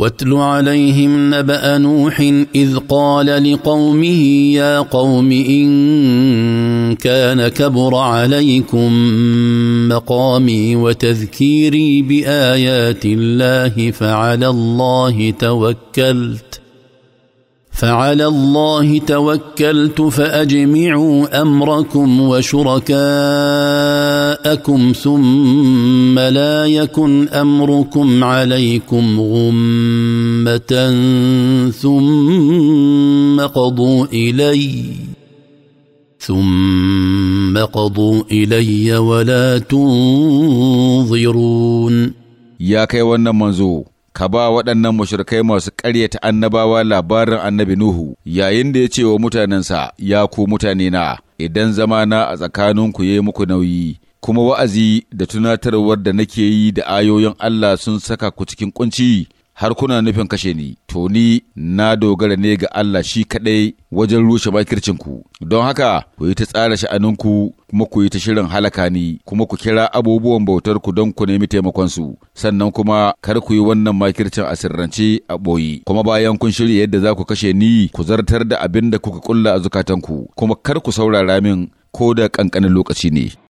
واتل عليهم نبا نوح اذ قال لقومه يا قوم ان كان كبر عليكم مقامي وتذكيري بايات الله فعلى الله توكلت فعلى الله توكلت فاجمعوا امركم وشركاءكم ثم لا يكن امركم عليكم غمه ثم قضوا الي ثم قضوا الي ولا تنظرون يا كيوان منزو ka ba waɗannan mushrikai masu ƙaryata annabawa labarin annabi Nuhu, yayin da ya ce wa mutanensa, Ya ku mutane na, idan zama na a tsakaninku ya yi muku nauyi, kuma wa'azi da tunatarwar da nake yi da ayoyin Allah sun saka ku cikin kunci. har kuna nufin kashe ni, to ni na dogara ne ga Allah shi kaɗai wajen rushe makircinku, don haka ku yi ta tsara sha'aninku kuma ku yi ta shirin halaka ni, kuma ku kira abubuwan bautar ku don ku nemi taimakon su sannan kuma kar ku yi wannan makircin a sirrance a boye kuma bayan kun shirya yadda za ku kashe ni, ku zartar da abin da kuka kulla a zukatanku, kuma kar ku saurara min ko da ƙanƙanin lokaci ne.